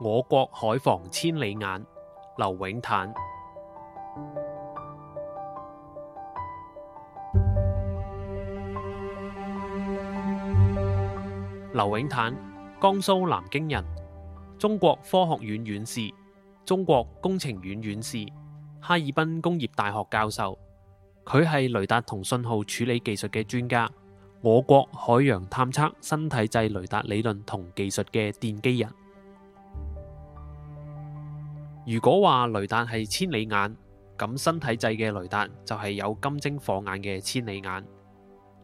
我國海防千里眼，劉永坦。劉永坦，江蘇南京人，中國科學院院士、中國工程院院士、哈爾濱工業大學教授。佢係雷達同信號處理技術嘅專家，我國海洋探測新體制雷達理論同技術嘅奠基人。如果話雷達係千里眼，咁新體制嘅雷達就係有金睛火眼嘅千里眼。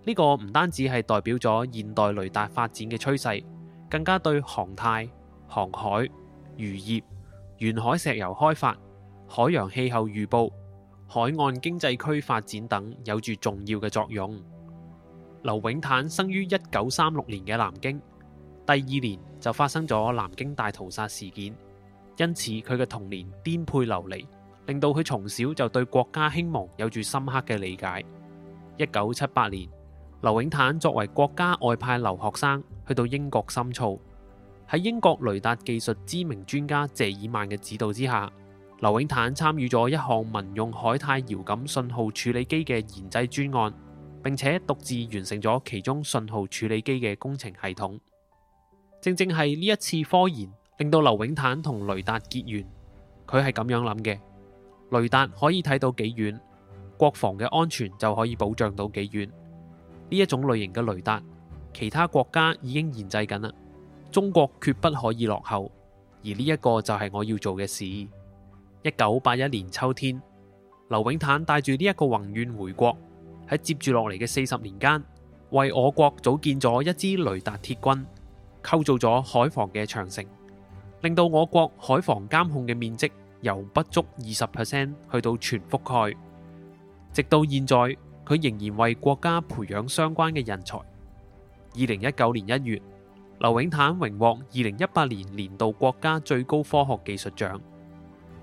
呢個唔單止係代表咗現代雷達發展嘅趨勢，更加對航太、航海、漁業、沿海石油開發、海洋氣候預報、海岸經濟區發展等有住重要嘅作用。劉永坦生於一九三六年嘅南京，第二年就發生咗南京大屠殺事件。因此，佢嘅童年顛沛流離，令到佢從小就對國家興亡有住深刻嘅理解。一九七八年，劉永坦作為國家外派留學生去到英國深造。喺英國雷達技術知名專家謝爾曼嘅指導之下，劉永坦參與咗一項民用海態遙感信號處理機嘅研製專案，並且獨自完成咗其中信號處理機嘅工程系統。正正係呢一次科研。令到劉永坦同雷達結緣，佢係咁樣諗嘅。雷達可以睇到幾遠，國防嘅安全就可以保障到幾遠。呢一種類型嘅雷達，其他國家已經研製緊啦。中國決不可以落後，而呢一個就係我要做嘅事。一九八一年秋天，劉永坦帶住呢一個宏願回國，喺接住落嚟嘅四十年間，為我國組建咗一支雷達鐵軍，構造咗海防嘅長城。令到我國海防監控嘅面積由不足二十 percent 去到全覆蓋，直到現在佢仍然為國家培養相關嘅人才。二零一九年一月，劉永坦榮獲二零一八年年度國家最高科學技術獎。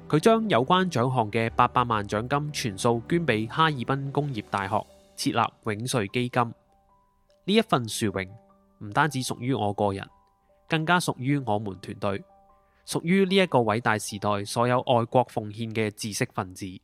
佢將有關獎項嘅八百萬獎金全數捐俾哈爾濱工業大學，設立永瑞基金。呢一份殊榮唔單止屬於我個人，更加屬於我們團隊，屬於呢一個偉大時代所有愛國奉獻嘅知識分子。